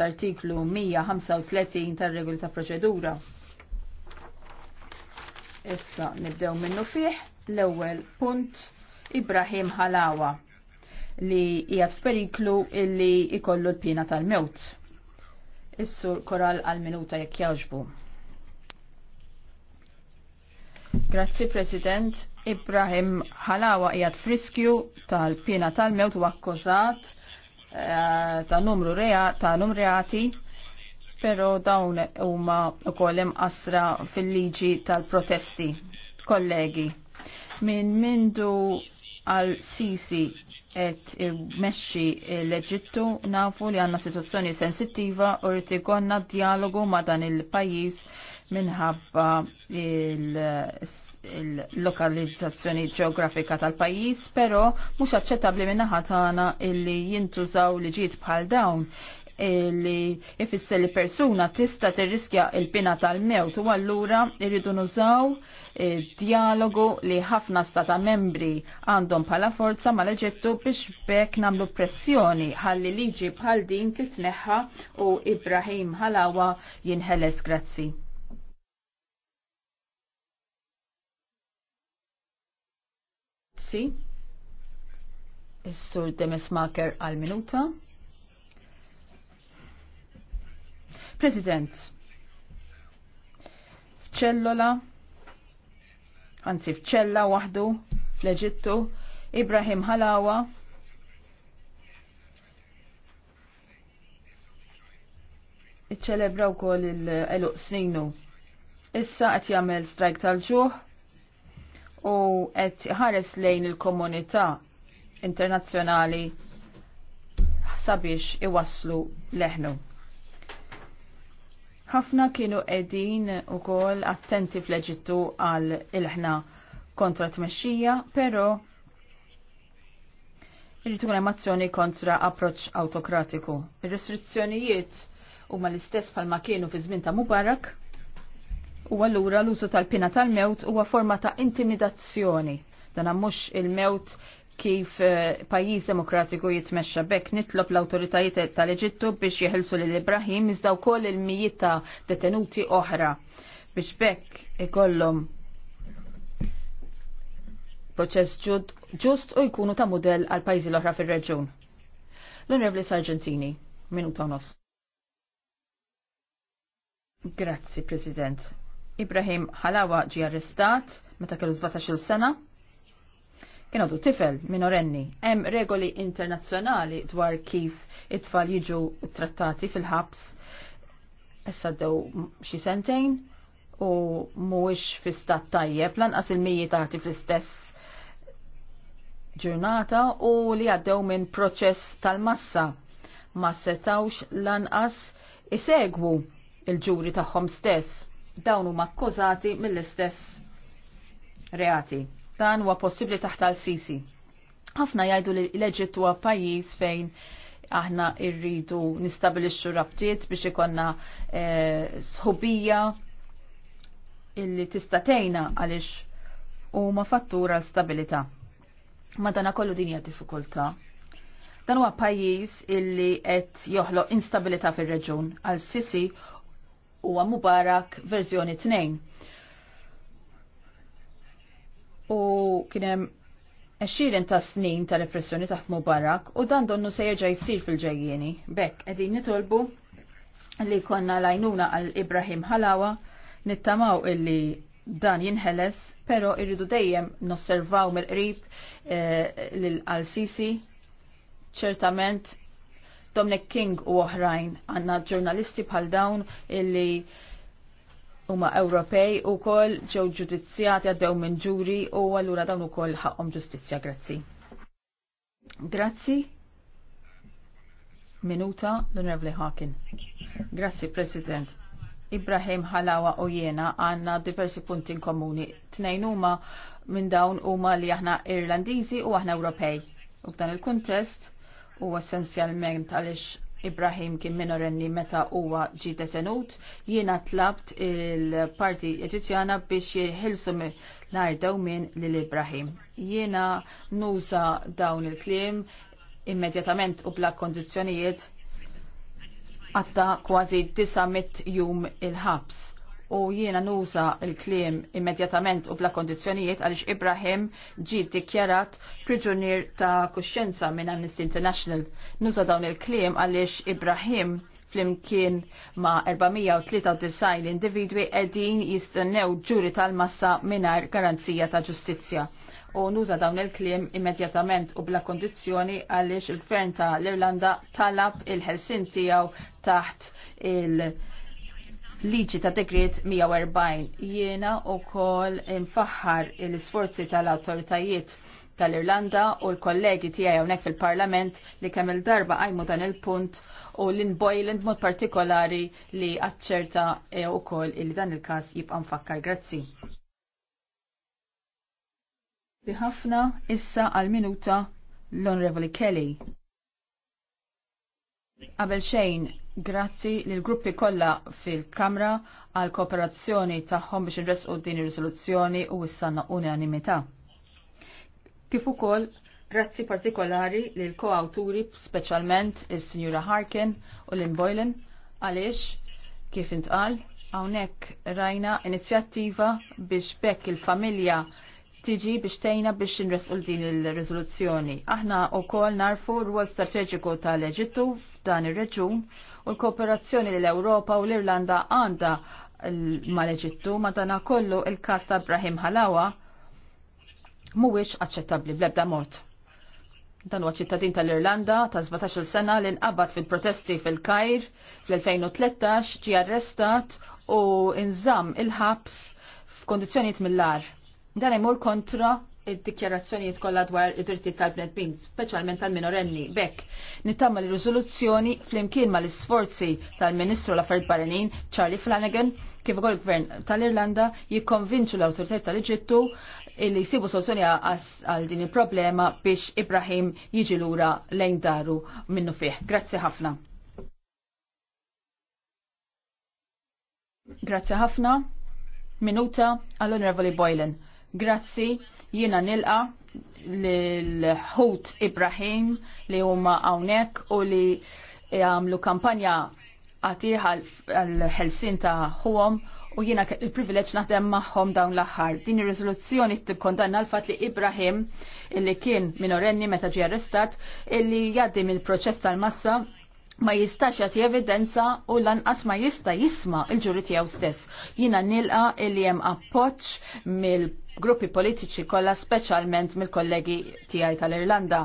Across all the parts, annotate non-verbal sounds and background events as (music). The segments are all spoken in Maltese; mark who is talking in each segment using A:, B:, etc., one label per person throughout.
A: tal-artiklu 135 tal-regoli ta' proċedura. Issa nibdew minnu fih l-ewwel punt Ibrahim Halawa li jgħat f'periklu illi ikollu l-pina tal-mewt. Is-sur koral għal-minuta jekk jaġbu. Grazzi President, Ibrahim Halawa jgħat friskju tal-pina tal-mewt u akkużat Eh, ta' numru ta' numrjati, pero dawn huma wkoll hemm asra fil-liġi tal-protesti. Kollegi, minn mindu għal Sisi et meċi l-Eġittu nafu li għanna situazzjoni sensittiva u rriti konna dialogu ma dan il-pajis minħabba il il-lokalizzazzjoni ġeografika tal-pajis, pero mux aċċettabli minna tagħna illi jintużaw li ġiet bħal dawn li ifisser li persuna tista tirriskja il-pina tal-mewt u allura irridu nużaw eh, dialogu li ħafna stata membri għandhom bħala forza mal eġittu biex bekk namlu pressjoni ħalli liġi bħal din titneħħa u Ibrahim ħalawa jinħeles grazzi. Grazzi. Is-sur Demesmaker għal-minuta. President, f'ċellola, anzi f'ċella waħdu fl-Eġittu, Ibrahim Halawa, iċċelebra wkoll il-eluq sninu. Issa qed jagħmel strajk tal-ġuħ u qed ħares lejn il-komunità internazzjonali sabiex iwasslu leħnu. Ħafna kienu qegħdin ukoll attenti fl-Eġittu għal il-ħna kontra tmexxija, però pero ikun hemm azzjoni kontra approċċ autokratiku. Ir-restrizzjonijiet huma l-istess bħalma kienu fi żmien ta' Mubarak u allura l-użu tal-pina tal-mewt huwa forma ta' intimidazzjoni. Dan mhux il-mewt kif eh, pajjiż demokratiku jitmexxa bekk nitlob l-awtoritajiet tal-Eġittu biex jeħilsu lil Ibrahim iżda wkoll il-mijiet ta' detenuti oħra biex bekk ikollhom proċess ġust u jkunu ta' mudell għal pajjiżi l-oħra fir-reġjun. L-Onorevoli Sargentini, minuta nofs. Grazzi, President. Ibrahim Halawa ġi arrestat meta kellu 17 sena. Kien għadu tifel minorenni. Hemm regoli internazzjonali dwar kif it-tfal jiġu trattati fil-ħabs. Issa ddew xi sentejn u mhuwiex fi stat tajjeb lanqas il mijiet taħti fl-istess ġurnata u li għaddew minn proċess tal-massa ma setawx lanqas isegwu il-ġuri tagħhom stess dawn huma akkużati mill-istess reati. Dan huwa possibbli taħt għal sisi. Ħafna jgħidu li l-Eġittu huwa pajjiż fejn aħna irridu nistabilixxu rabtiet biex ikonna eh, sħubija illi tgħinna għaliex huma fattura stabilità. Ma dana kollu din hija diffikultà. Dan huwa pajjiż illi qed joħloq instabilità fir-reġun għal Sisi huwa Mubarak verżjoni 2. U kienem 20 ta' snin ta' repressjoni taħt Mubarak u dan donnu se jerġa' jsir fil-ġejjieni. Bekk qegħdin nitolbu li konna lajnuna għal Ibrahim Halawa nittamaw illi dan jinħeles, pero irridu dejjem nosservaw mill-qrib eh, al sisi ċertament Dominic King u oħrajn għanna ġurnalisti bħal dawn illi huma Ewropej u kol ġew ġudizzjati għaddew minn ġuri u allura dawn ukoll ħaqhom ġustizzja grazzi. Grazzi. Minuta l-Onorevoli Hawkin. Grazzi President. Ibrahim Halawa u jena għanna diversi punti komuni. Tnejn huma minn dawn huma li aħna Irlandiżi u aħna Ewropej. U f'dan il-kuntest u essenzjalment għaliex Ibrahim kien minorenni meta huwa ġi detenut, jiena tlabt il-parti Eġizzjana biex jħilsu l-ardaw minn l Ibrahim. Jiena nuża dawn il-klim immedjatament u bla kondizjonijiet għatta kważi 900 jum il-ħabs u jiena nuża il-kliem immedjatament u bla kondizjonijiet għaliex Ibrahim ġi dikjarat priġunier ta' kuxjenza minn Amnesty International. Nuża dawn il-kliem għaliex Ibrahim flimkien ma' 493 individwi edin jistennew ġuri tal-massa minar garanzija ta' ġustizja. U nuża dawn il-klim immedjatament u bla kondizjoni għaliex il-gvern ta' l-Irlanda talab il-ħelsin tiegħu taħt il-, -il liġi ta' dekret 140. Jiena u kol infaħħar l-sforzi tal-autoritajiet tal-Irlanda u l-kollegi tijaj għonek fil-parlament li kemm il-darba għajmu dan il-punt u l-inbojland mod partikolari li għacċerta e eh, u kol il dan il-kas jibqa mfakkar Grazzi. Ħafna issa għal-minuta l-Onrevoli Kelly. Qabel xejn, Grazzi lil gruppi kollha fil-Kamra għal kooperazzjoni tagħhom biex irresqu din ir-riżoluzzjoni u s-sanna unanimità. Kif ukoll grazzi partikolari lil koawturi speċjalment is-Sinjura Harkin u Lynn Boylan għaliex kif intqal hawnhekk rajna inizjattiva biex bekk il-familja tiġi biex tejna biex nresqu din il-rezoluzzjoni. Aħna u kol narfu r-rwol strategiku tal-Eġittu f'dan ir-reġun u l-kooperazzjoni l-Ewropa u l-Irlanda għanda mal-Eġittu ma dana kollu il-kas ta' Ibrahim Halawa mhuwiex aċċettabbli bl-ebda mod. Dan huwa ċittadin tal-Irlanda ta' 17 sena li nqabad fil-protesti fil-Kajr fl-2013 ġie arrestat u inżam il-ħabs f'kondizzjonijiet mill ar Dan imur kontra id-dikjarazzjonijiet kollha dwar id-drittijiet tal-bnedmin, speċjalment tal-minorenni. Bekk, nittamma li riżoluzzjoni flimkien mal isforzi tal-Ministru l-Affarijiet Barranin Charlie Flanagan kif ukoll gvern tal-Irlanda jikkonvinċu l-awtoritajiet tal-Eġittu li jsibu soluzzjoni għal din il-problema biex Ibrahim jiġi lura lejn daru minnu fih. Grazzi ħafna. Grazzi ħafna. Minuta għall-Onorevoli Boylan. Grazzi, jiena nilqa l-ħut Ibrahim li huma hawnhekk u li għamlu kampanja għatiħ għal-ħelsin ta' ħuhom u jiena il-privileġġ naħdem magħhom dawn l-aħħar. Din ir-riżoluzzjoni tikkondanna l-fatt li Ibrahim illi kien minorenni meta ġie arrestat illi jgħaddi mill-proċess tal-massa ma jistax jagħti evidenza u lanqas ma jista' jisma' il-ġuri tiegħu stess. Jiena nilqa li hemm appoġġ mill-gruppi politiċi kollha speċjalment mill-kollegi tiegħi tal-Irlanda.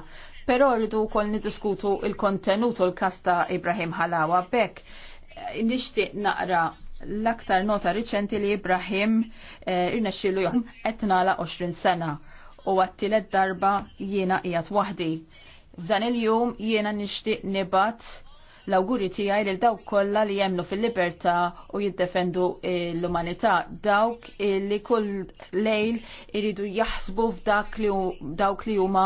A: Però rridu wkoll niddiskutu il-kontenut u l kasta ta' Ibrahim Halawa Bek. Eh, nixtieq naqra l-aktar nota riċenti li Ibrahim eh, irnexxielu jom qed nagħla 20 sena u għattilet darba jiena qiegħed waħdi. F'dan il-jum jiena nixtieq nibat l-awguri tiegħi lil dawk kollha li jemnu fil-libertà u jiddefendu l-umanità, dawk li kull lejl iridu jaħsbu f'dak li dawk li huma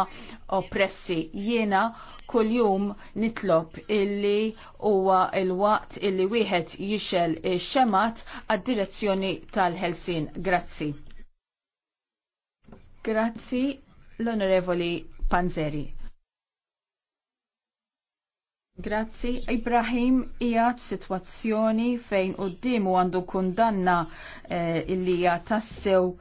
A: oppressi. Jiena kuljum nitlob illi huwa il-waqt illi wieħed jixel xemat għad-direzzjoni tal-Helsin. Grazzi. Grazzi l-Onorevoli Panzeri. Grazzi. Ibrahim ijat situazzjoni fejn u għandu kundanna eh, illi tassew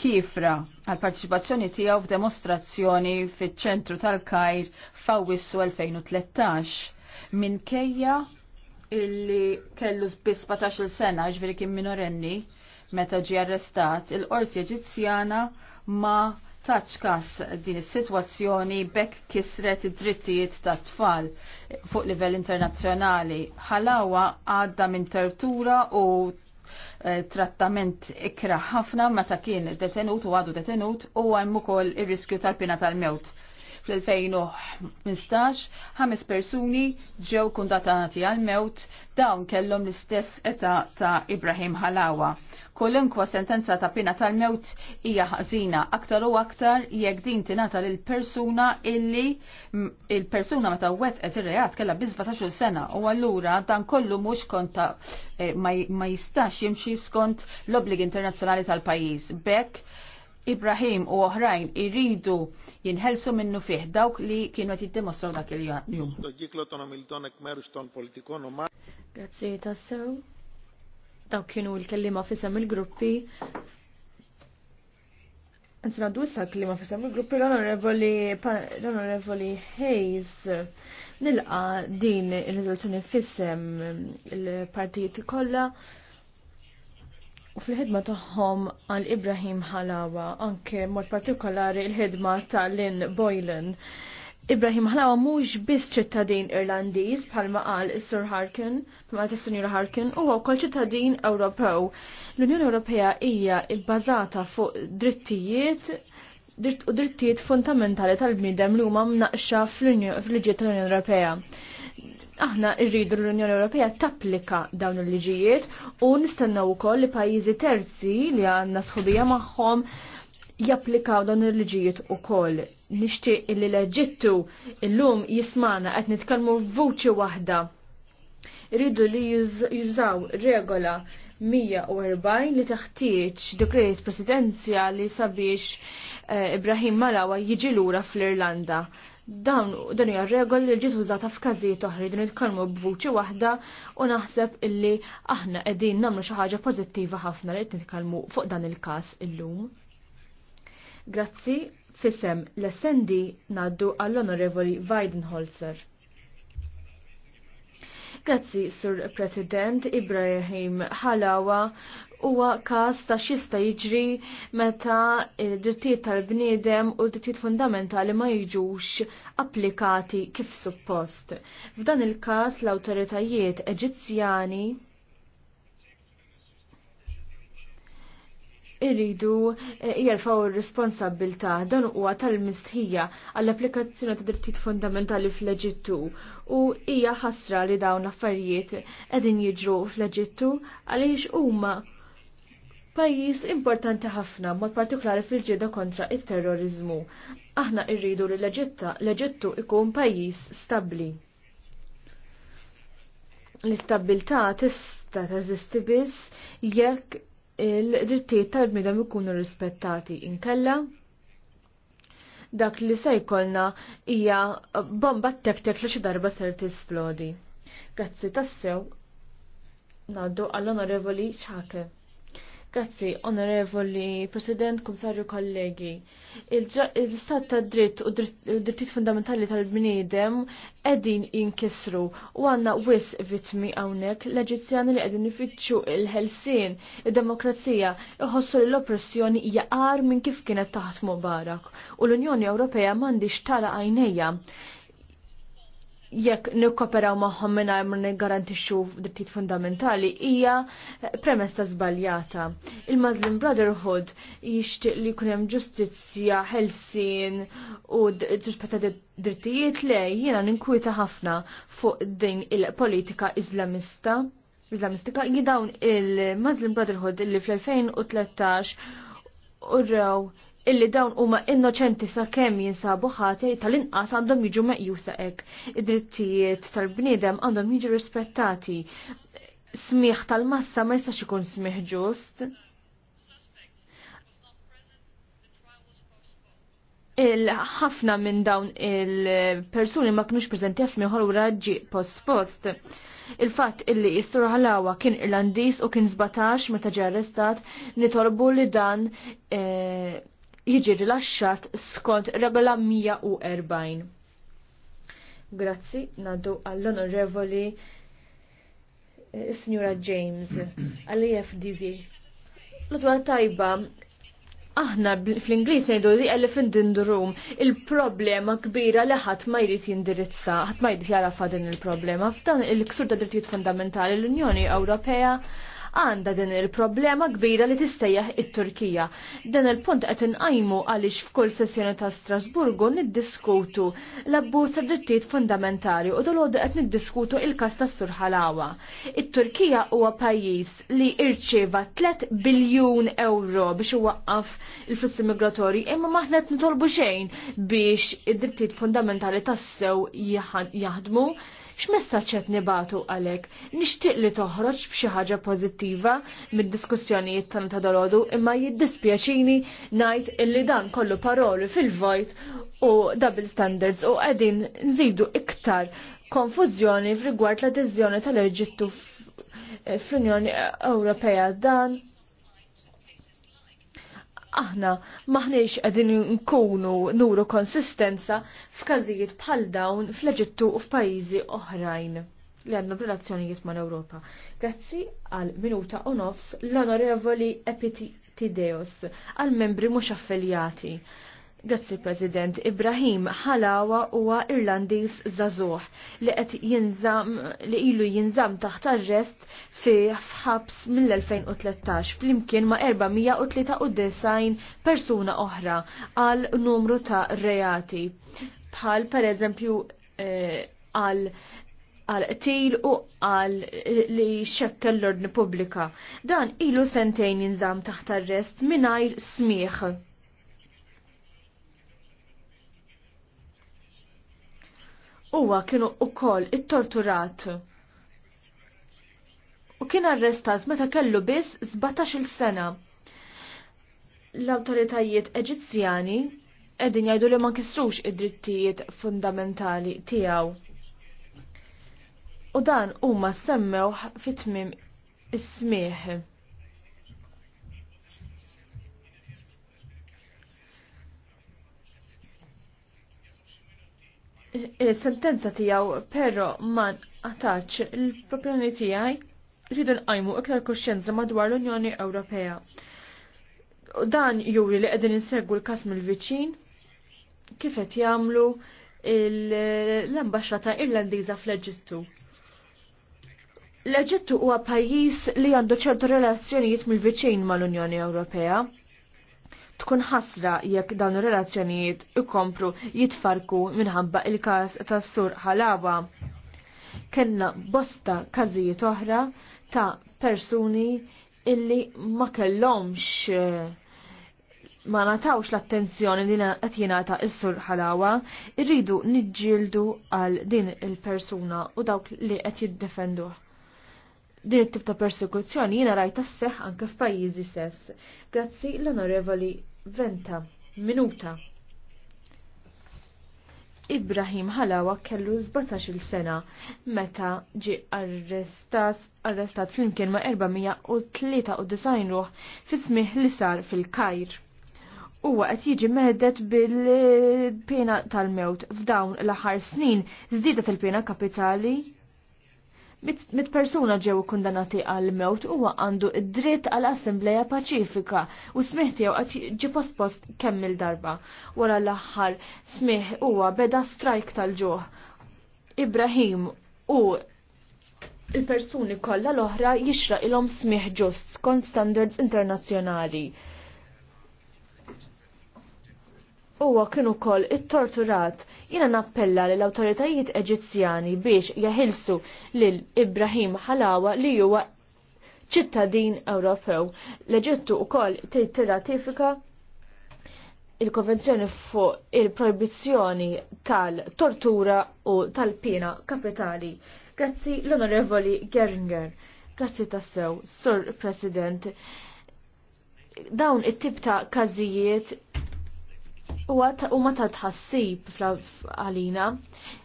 A: kifra għal partiċipazzjoni tiegħu f'demostrazzjoni fiċ-ċentru tal-Kajr f'Awwissu 2013 minkejja illi kellu biss 14 il sena ġveri kien minorenni meta ġie arrestat il-qorti Eġizzjana ma taċkas din is-sitwazzjoni bekk kisret id-drittijiet tat tfal fuq livell internazzjonali. Ħalawa għadda minn tortura u eh, trattament ikra ħafna meta kien detenut u għadu detenut u hemm ukoll ir-riskju tal-pina tal-mewt fl-2015 ħames persuni ġew kundatati għal mewt dawn kellhom l-istess età ta' Ibrahim Halawa. Kolinkwa sentenza ta' pina tal-mewt hija ħażina aktar u aktar jekk din tingħata lil persuna illi il-persuna meta qed ir-reat kellha bi il sena u allura dan kollu mhux konta eh, ma jistax jimxi skont l-obbligi internazzjonali tal-pajjiż. Bekk Ibrahim u oħrajn irridu jinħelsu minnu fih dawk li kienu qed jiddimostraw dak il-jum.
B: Grazzi tassew. Dawk kienu l-kellima fisem il-gruppi. Anzi dwissa issa kellima fisem il-gruppi l-Onorevoli Hayes. Nilqa din ir-riżoluzzjoni fissem il-partijiet kollha U fil-ħidma tagħhom għal Ibrahim Halawa, anke mod partikolari il-ħidma ta' Lynn Boylan. Ibrahim Halawa mhux biss ċittadin Irlandiż bħalma qal is-Sur Harkin, bħalma tas sinjura Harkin, huwa wkoll ċittadin Ewropew. L-Unjoni Ewropea hija bbażata fuq drittijiet u drittijiet fundamentali tal-bniedem li huma mnaqxa fl fil-liġijiet tal-Unjoni Ewropea aħna rridu l-Unjoni Ewropea tapplika dawn il-liġijiet u nistennaw ukoll li pajjiżi terzi li għandna sħubija magħhom japplikaw dawn il-liġijiet ukoll. Nixtieq li Leġittu illum jismana qed nitkellmu f'vuċi waħda. Irridu li jużaw regola 140 li taħtieġ dekret presidenzjali sabiex eh, Ibrahim Malawa jiġi lura fl-Irlanda Dawn dan hija regoli li ġiet użata f'każijiet oħra din nitkellmu b'vuċi waħda u naħseb illi aħna qegħdin nagħmlu xi ħaġa pożittiva ħafna li qed nitkellmu fuq dan il-każ illum. Grazzi fisem l-essendi naddu għall-Onorevoli Weidenholzer. Grazzi, Sur President Ibrahim Halawa huwa każ ta' xista jiġri meta drittijiet tal-bniedem u drittijiet fundamentali ma jiġux applikati kif suppost. F'dan il-każ l-awtoritajiet Eġizzjani irridu eh, jerfaw ir-responsabilità dan huwa tal-mistħija għall-applikazzjoni ta' drittijiet fundamentali fl-Eġittu u hija ħasra li dawn affarijiet qegħdin jiġru fl-Eġittu għaliex huma pajjiż importanti ħafna, mod partikolari fil-ġieda kontra it-terrorizmu. Aħna rridu li l-Eġitta, l-Eġittu ikun pajjiż stabbli. L-istabilità tista' teżisti biss jekk il-drittijiet tal-bniedem ikunu rispettati inkella dak li se jkollna hija bomba tektek li xi darba ser tisplodi. Grazzi tassew. Naddu għall-onorevoli ċake. Grazzi, onorevoli, president, komissarju, kollegi. Il-istat ta' dritt u drittijiet fundamentali tal-bnidem edin jinkisru u għanna wis vitmi għawnek l eġizjani li edin ifittxu il-ħelsin, il-demokrazija, iħossu l-oppressjoni jaqar minn kif kienet taħt Mubarak u l-Unjoni Ewropea mandi tala għajnejja jekk nikkoperaw magħhom mingħajr ma niggarantixxu drittijiet fundamentali hija premessa żbaljata. Il-Muslim Brotherhood jixtieq li jkun hemm ġustizzja, ħelsien u rispetta drittijiet le jiena ninkwita ħafna fuq din il-politika Islamista. Islamistika jidawn il-Muslim Brotherhood li fl-2013 urraw illi dawn huma innoċenti sa kemm jinsabu ħati tal-inqas għandhom jiġu meqjusa hekk. Id-drittijiet tal-bniedem għandhom jiġu rispettati. Smiħ tal-massa ma jistax ikun smiħ ġust. Il-ħafna minn dawn il-persuni ma kinux preżenti jasmiħor u ġi post-post. Il-fatt illi jissur ħalawa kien Irlandiż u kien 17 meta ġie arrestat nitolbu li dan eh, jiġi rilaxxat skont regola 140. Grazzi, naddu għall-onorevoli eh, Signora James, (clears throat) għall-EFDV. l tajba, aħna fl-Inglis nejdu li elephant in the room, il-problema kbira li ħadd ma jrid jindirizza, ħat ma jrid jara din il-problema. F'dan il-ksur ta' drittijiet fundamentali l-Unjoni Ewropea għandha din il-problema kbira li tistejjaħ it-Turkija. Dan il-punt qed inqajmu għaliex f'kull sessjoni ta' Strasburgu niddiskutu l-abbuż tad-drittijiet fundamentali u dolodu qed niddiskutu il-każ ta' Surħalawa. It-Turkija huwa pajjiż li irċieva 3 biljun euro biex iwaqqaf il-flussi migratorji imma maħna qed nitolbu xejn biex id-drittijiet fundamentali tassew jaħdmu. X'messaġġ qed nibatu għalhekk? Nixtieq li toħroġ b'xi ħaġa pożittiva mid-diskussjonijiet tan ta' dolodu, imma jiddispjaċini ngħid illi dan kollu paroli fil-vojt u double standards u qegħdin nżidu iktar konfużjoni f'rigward l-adeżjoni tal-Eġittu eh, fl-Unjoni Ewropea dan aħna maħniex qegħdin nkunu nuru konsistenza f'każijiet bħal dawn fl-Eġittu u f'pajjiżi oħrajn li għandna relazzjonijiet mal Ewropa. Grazzi għal minuta u nofs l-onorevoli Epitideos għal membri mhux affiljati. Grazzi President, Ibrahim Halawa huwa Irlandiż żagħżugħ li qed jinżam li ilu jinżam taħt arrest fi ħabs mill-2013 flimkien ma' 493 persuna oħra għal numru ta' reati bħal pereżempju eh, għal għal qtil u għal li xekkel l-ordni pubblika. Dan ilu sentejn jinżam taħt arrest mingħajr smieħ. huwa kienu kol it-torturat. U kien arrestat meta kellu biss 17-il sena. L-awtoritajiet Eġizzjani qegħdin jgħidu li ma nkissrux id-drittijiet fundamentali tiegħu. U dan huma semmew fit-tmim is-smieħ. il-sentenza tijaw pero man attaċ il-problemi tijaj rridu nqajmu iktar kuxċenza madwar l-Unjoni Ewropea. Dan juri li qegħdin insegwu l-kas mill-viċin kif qed jagħmlu l ambasċata Irlandiża fl-Eġittu. L-Eġittu huwa pajjiż li għandu ċertu relazzjonijiet mill-viċin mal-Unjoni Ewropea tkun ħasra jekk dawn ir-relazzjonijiet ikomplu jitfarku minħabba il-każ tas-sur Ħalawa. Kenna bosta każijiet oħra ta' persuni illi ma kellhomx eh, ma natawx l-attenzjoni li qed jingħata s-sur ħalawa, irridu niġġieldu għal din il-persuna u dawk li qed jiddefenduh din it-tip ta' persekuzzjoni jiena rajta s-seħ anke f'pajjiżi sess. Grazzi l-Onorevoli Venta, minuta. Ibrahim Halawa kellu 17-il sena meta ġi arrestat, arrestat flimkien ma' 493 ruħ fismih li sar fil-Kajr. Huwa qed jiġi meħdet bil-pena tal-mewt f'dawn l-aħħar snin żdiedet il-pena kapitali mit persuna ġew kundanati għal mewt huwa għandu id-dritt għal assembleja paċifika u smih għu għat ġi post kemm il-darba. Wara l-aħħar smih huwa beda strajk tal-ġuħ. Ibrahim u il-persuni kollha l-oħra jixra il-om smih ġust skont standards internazzjonali huwa kien ukoll it-torturat. Jiena nappella l awtoritajiet Eġizzjani biex jaħilsu lil Ibrahim Halawa li huwa ċittadin Ewropew. L-Eġittu ukoll tirratifika il-konvenzjoni fuq il-proibizzjoni tal-tortura u tal-pina kapitali. Grazzi l-Onorevoli Geringer. Grazzi tassew, Sur President. Dawn it-tip ta' każijiet u ma ta' tħassib għalina,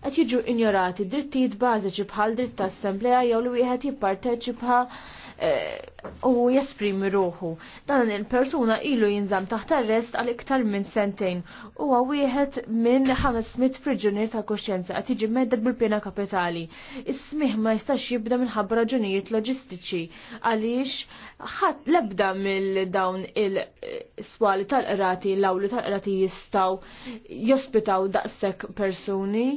B: qed jiġu injorati drittijiet bażiċi bħal dritt ta' assembleja jew li wieħed jipparteċipa Eh, u jesprimi ruħu. Dan il-persuna ilu jinżam taħt arrest għal iktar minn sentejn u għawieħed minn 500 prigjoner ta' koxjenza għat jiġi medda bil-pena kapitali. Is-smih ma jistax jibda minħabba raġunijiet loġistiċi għaliex ħadd lebda mill-dawn il-swali tal-qrati, l-awli tal-qrati jistaw jospitaw daqsek persuni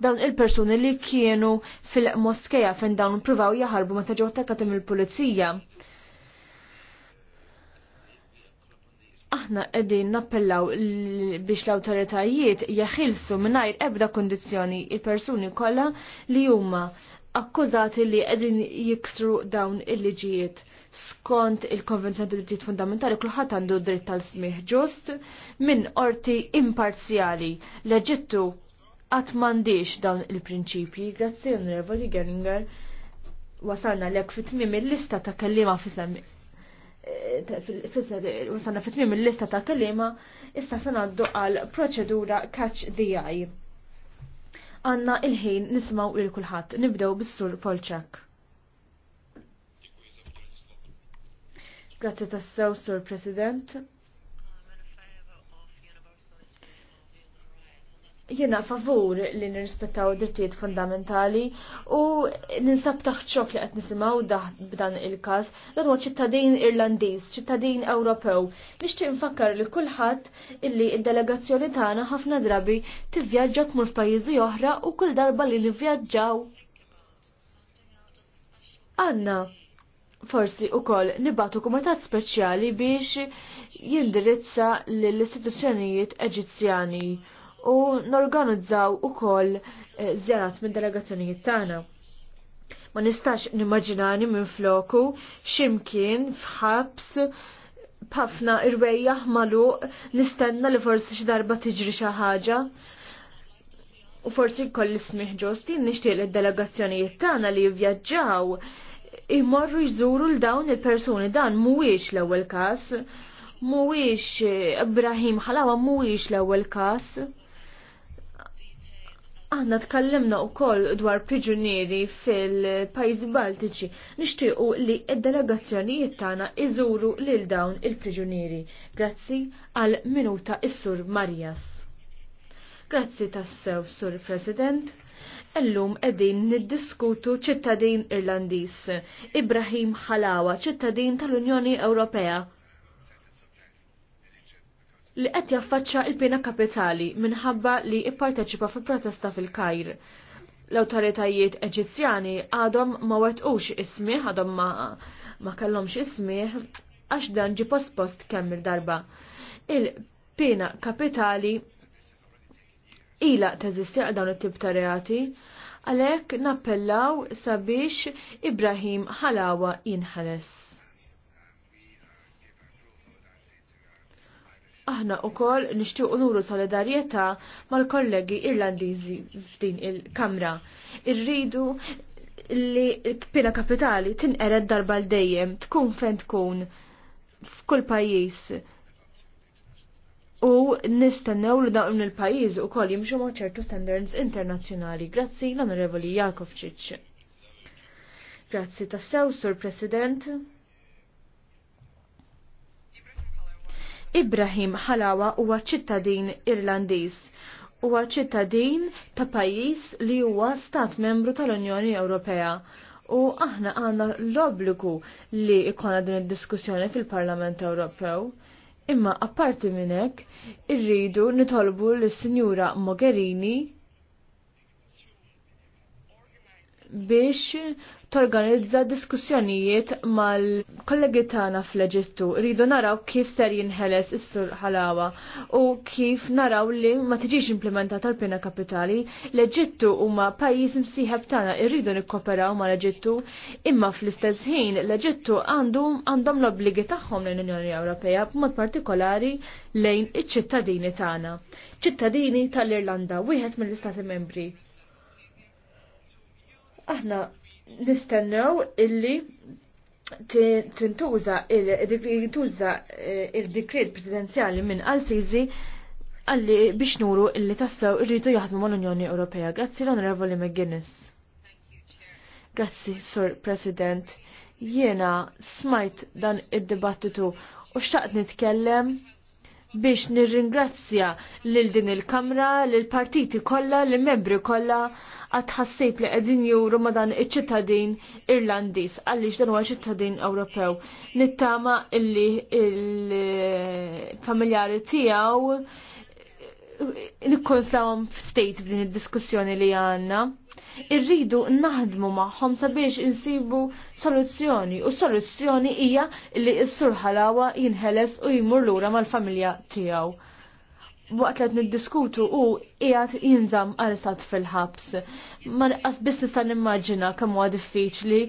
B: dawn il-persuni li kienu fil-moskeja fejn dawn provaw jaħarbu meta ġew attakkat il-pulizija. Aħna qegħdin nappellaw biex l-awtoritajiet jaħilsu mingħajr ebda kondizzjoni il-persuni kollha li huma akkużati li qegħdin jiksru dawn il-liġijiet. Skont il-Konvenzjoni tad Drittijiet Fundamentali kulħadd għandu dritt tal-smih ġust minn orti imparzjali. L-Eġittu qatt m'għandix dawn il-prinċipji. Grazzi Onorevoli Geringer wasalna l fit-tmim il-lista ta' kellima fissem eh, wasalna fit il-lista ta' kellima issa se ngħaddu għal proċedura catch the eye. Għanna il-ħin nismaw il kulħadd nibdew bis-sur Polċak. Grazzi tassew, Sur President. Jiena favur li nirrispettaw drittijiet fundamentali u ninsab taħċok li qed nisimgħu b'dan il-każ dan huwa ċittadin Irlandiż, ċittadin Ewropew. Nixtieq nfakkar li kulħadd illi d-delegazzjoni tagħna ħafna drabi tivvjaġġa tmur f'pajjiżi oħra u kull darba li nivvjaġġaw għandna forsi koll nibatu kumitat speċjali biex jindirizza lill-istituzzjonijiet Eġizzjani u norganizzaw ukoll żjarat eh, minn delegazzjonijiet tagħna. Ma nistax nimmaġinani minn floku ximkien fħabs b'ħafna irwejjaħ maluq nistenna li forsi xi darba tiġri xi ħaġa. U forsi kolli smih ġosti nixtieq li delegazzjonijiet tagħna li jivvjaġġaw imorru jżuru l dawn il-persuni dan mhuwiex l-ewwel każ, mhuwiex eh, Ibrahim Ħalawa mhuwiex l-ewwel każ. Aħna tkallimna u koll dwar priġunieri fil-pajzi baltiċi. Nishtiqu li id-delegazzjonijiet tagħna iżuru lil dawn il-priġunieri. Grazzi għal minuta is-Sur Marjas. Grazzi tassew, Sur President. Illum edin niddiskutu ċittadin Irlandiż, Ibrahim Halawa, ċittadin tal-Unjoni Ewropea li qed jaffaċċa il-pena kapitali minħabba li ipparteċipa fi protesta fil-Kajr. L-awtoritajiet Eġizzjani għadhom ma wetqux ismih, għadhom ma, ma kellhomx ismih għax dan ġi pospost kemm il-darba. Il-pena kapitali ila teżisti għal dawn it-tip ta' reati, għalhekk nappellaw sabiex Ibrahim Halawa jinħeles. Aħna u kol nishtiqu unuru solidarieta mal-kollegi irlandizi f'din il-kamra. Irridu li pina kapitali tinqered darba l-dejjem, tkun fejn tkun f'kull pajjiż. U nistennew li dawn il-pajjiż ukoll jimxu ma' ċertu standards internazzjonali. Grazzi l-Onorevoli Jakovčić. Grazzi tassew, Sur President. Ibrahim Halawa huwa ċittadin Irlandiż huwa ċittadin ta' pajjiż li huwa stat membru tal-Unjoni Ewropea. U aħna għandna l-obbligu li ikona din id-diskussjoni fil-Parlament Ewropew. Imma apparti minn hekk, irridu nitolbu lis-Sinjura Mogherini biex torganizza diskussjonijiet mal-kollegi tagħna fl-Eġittu. Rridu naraw kif ser jinħeles is-sur ħalawa u kif naraw li ma tiġix implementata l-pena kapitali. L-Eġittu huma pajjiż msieħeb tagħna irridu nikkoperaw mal-Eġittu imma fl-istess ħin l-Eġittu għandu għandhom l-obbligi tagħhom l-Unjoni Ewropea b'mod partikolari lejn iċ-ċittadini tagħna. ċittadini tal-Irlanda, wieħed mill-Istati Membri Aħna nistennew illi tintuża eh, il-dekret presidenzjali minn Al-Sisi għalli biex nuru illi tassaw irridu jaħdmu mal-Unjoni Ewropea. Grazzi l-Onorevoli McGuinness. Grazzi, Sir President. Jiena smajt dan id-dibattitu u xtaqt nitkellem biex nirringrazzja lil din il-Kamra, lil partiti kollha, lil membri kollha għatħassib li qegħdin juru ma dan iċ-ċittadin Irlandiż għaliex dan huwa ċittadin Ewropew. Nittama illi il-familjari tiegħu nikkonslawhom fstejt f'din id-diskussjoni li għandna. Irridu naħdmu magħhom sabiex insibu soluzzjoni u soluzzjoni hija li s-sur ħalawa jinħeles u jmur lura mal-familja tiegħu. Waqt li niddiskutu u qiegħed jinżamm arsat fil-ħabs. Ma biss nista' nimmaġina kemm huwa diffiċli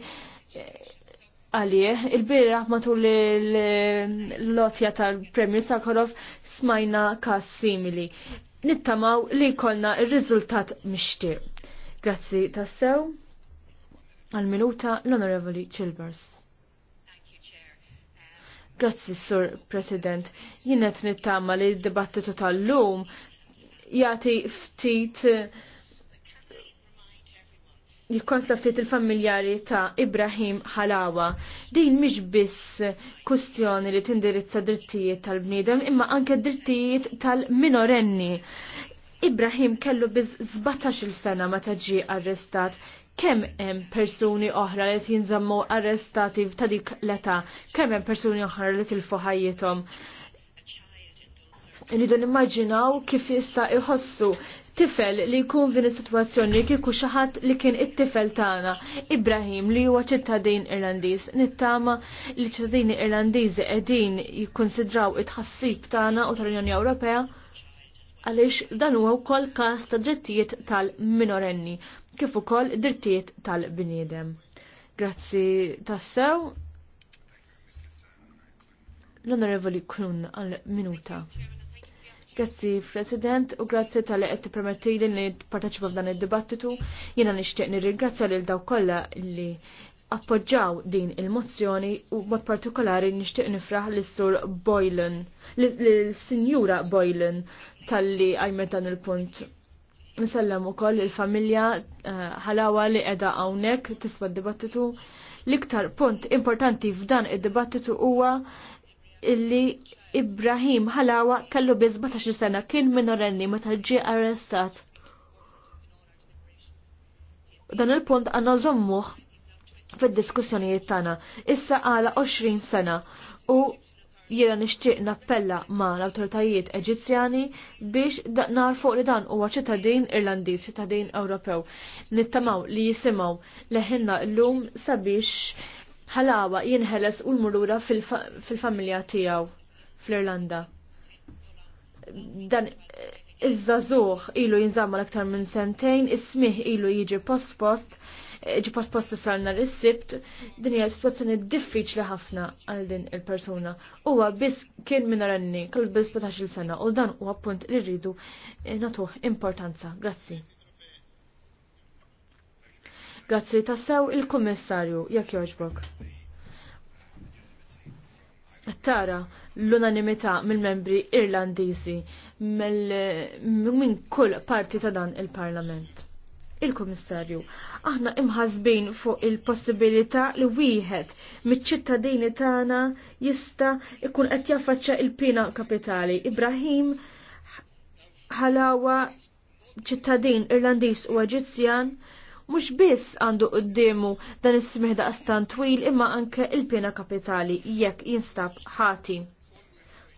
B: għalih. Il-bira matul l-lotja tal-Premju Sakharov smajna kas simili. Nittamaw li kolna il-rizultat mixtieq. Grazzi tassew. Għal-minuta l honorevoli Chilbers. Grazzi, Sur President. Jinnet nittama li d-dibattitu tal-lum jati ftit il-konflitt il-familjari ta' Ibrahim Halawa. Din mhix biss kustjoni li tindirizza drittijiet tal-bniedem imma anke drittijiet tal-minorenni. Ibrahim kellu biz 17 sena meta ġie arrestat kemm hemm persuni oħra li jinżammu arrestati ta' dik l-età, kemm hemm persuni oħra li tilfu ħajjithom. Nridu nimmaġinaw kif jista' iħossu tifel li jkun f'din is-sitwazzjoni kieku xi ħadd li kien it-tifel tagħna, Ibrahim li huwa ċittadin Irlandiż, nittama li ċittadini Irlandiżi qegħdin jikkonsidraw it-ħassib tagħna u tal-Unjoni Ewropea għaliex dan huwa wkoll każ ta' drittijiet tal-minorenni kif ukoll drittijiet tal-bniedem. Grazzi tassew. L-Onorevoli Krun għal-minuta. Grazzi, President, u grazzi tal-li għed t-permetti qed n-parteċipa f'dan il-dibattitu. Jena nishtiq nirringrazzja lil daw kolla li appoġġaw din il-mozzjoni u mod partikolari nishtiq nifraħ l-sur Boylan, l-sinjura Boylan tal-li għajmet dan il-punt. Nsellem u koll il-familja ħalawa eh, li edha għawnek tiswa' d-dibattitu. L-iktar punt importanti f'dan id-dibattitu huwa illi Ibrahim Halawa kellu biz 17 sena kien minorenni meta ġie arrestat. Dan il-punt għanna zommuħ fid-diskussjonijiet tagħna. Issa għala 20 sena u jiena nixtieq nappella ma l-awtoritajiet Eġizzjani biex fuq li dan huwa ċittadin Irlandiż, ċittadin Ewropew. Nittamaw li jisimaw leħinna llum sabiex ħalawa jinħeles u l-murura fil-familja tiegħu fl-Irlanda. Dan iż-żazuħ ilu jinżamma l-aktar minn sentejn, is-smih ilu jiġi post-post, ġi post-post sar nhar is-sibt, din hija sitwazzjoni diffiċli ħafna għal din il-persuna. Huwa biss kien minn ranni, kellu bis 17-il sena u dan huwa punt li rridu nagħtuh importanza. Grazzi. Grazzi tassew il-Kummissarju, jekk joġbok. Tara l-unanimità mill-membri Irlandiżi minn kull parti ta' dan il-Parlament. Il-Kummissarju, aħna imħazbin fuq il-possibilità li wieħed miċ-ċittadini tagħna jista' ikun qed jaffaċċa il-pina kapitali. Ibrahim ħalawa ċittadin Irlandiż u Eġizzjan mhux biss għandu qoddimu dan is-smih qastan twil imma anke il-pena kapitali jekk jinstab ħati.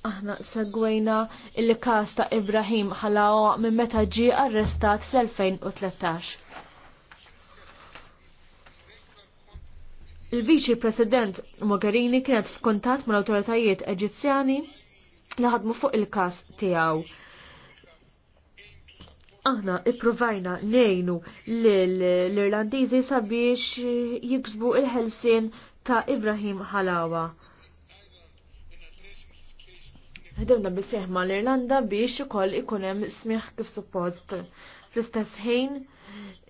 B: Aħna segwejna il-kas ta' Ibrahim Halawa minn meta ġie arrestat fl-2013. Il-Viċi President Mogherini kienet f'kuntatt mal-awtoritajiet Eġizzjani li ħadmu fuq il-kas tiegħu aħna ipprovajna nejnu l-Irlandiżi sabiex jiksbu il-ħelsin ta' Ibrahim Halawa. Ħdimna bisseħ l-Irlanda biex ukoll ikun hemm smieħ kif suppost. Fl-istess ħin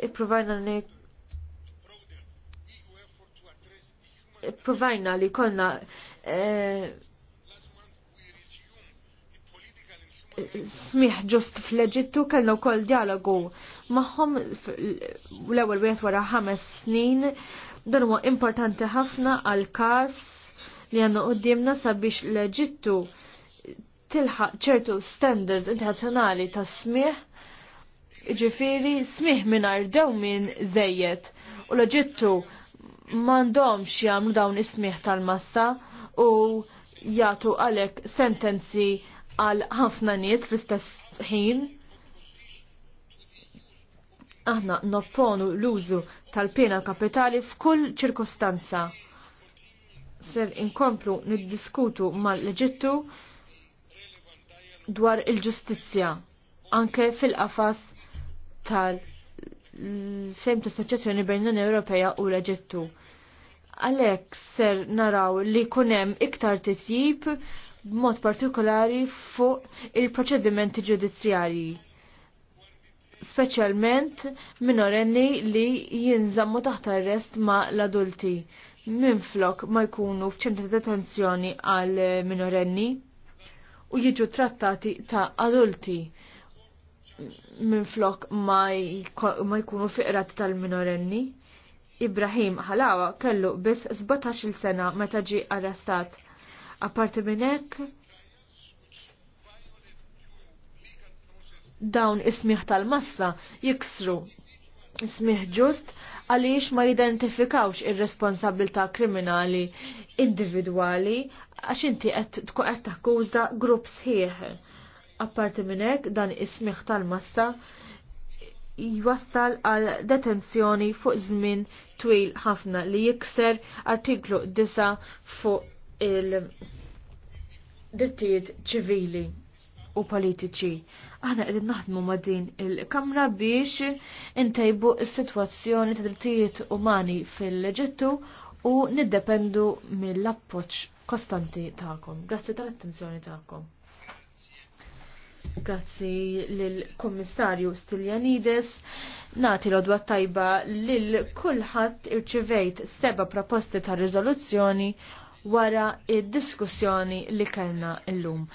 B: ipprovajna nejn provajna li konna eh, smiħ ġust fl-Eġittu kellna wkoll dialogu magħhom l-ewwel wieħed wara ħames snin dan huwa importanti ħafna għal każ li għandna qudiemna sabiex l-Eġittu tilħaq ċertu standards internazzjonali ta' smiħ ġifiri smiħ mingħajr dew minn żejjed u l-Eġittu m'għandhomx jagħmlu dawn is-smiħ tal-massa u jagħtu għalhekk sentenzi għal ħafna nies fl-istess ħin. Aħna nopponu l-użu tal-pena kapitali f'kull ċirkostanza. Ser inkomplu niddiskutu mal-Eġittu dwar il-ġustizzja anke fil-qafas tal-fejm tas-soċjazzjoni bejn l-Unjoni Ewropea u l-Eġittu. Għalhekk ser naraw li kunem iktar titjib b'mod partikolari fuq il-proċedimenti ġudizzjarji. Speċjalment minorenni li jinżammu taħt arrest ma' l-adulti minflok ma jkunu f'ċentri detenzjoni għal minorenni u jiġu trattati ta' adulti minflok ma, jkunu fiqrat tal-minorenni. Ibrahim Halawa kellu biss 17 sena meta ġie arrestat Apparti minn hekk dawn ismiħ tal-massa jiksru ismiħ ġust għaliex ma jidentifikawx ir-responsabilità kriminali individwali għax inti qed tkun qed takkuża grupp sħiħ. Apparti minn hekk dan ismiħ tal-massa jwassal għal detenzjoni fuq żmien twil ħafna li jikser artiklu 9 fuq il-dittijiet ċivili u politiċi. Aħna qegħdin naħdmu ma' din il-Kamra biex intejbu s-sitwazzjoni ta' drittijiet umani fil-Eġittu u niddependu mill-appoġġ kostanti tagħkom. Grazzi tal-attenzjoni tagħkom. Grazzi lill-Kummissarju Stiljanides. Nati l-odwa tajba lil kulħadd irċivejt seba proposti ta' riżoluzzjoni wara id-diskussjoni li kellna llum.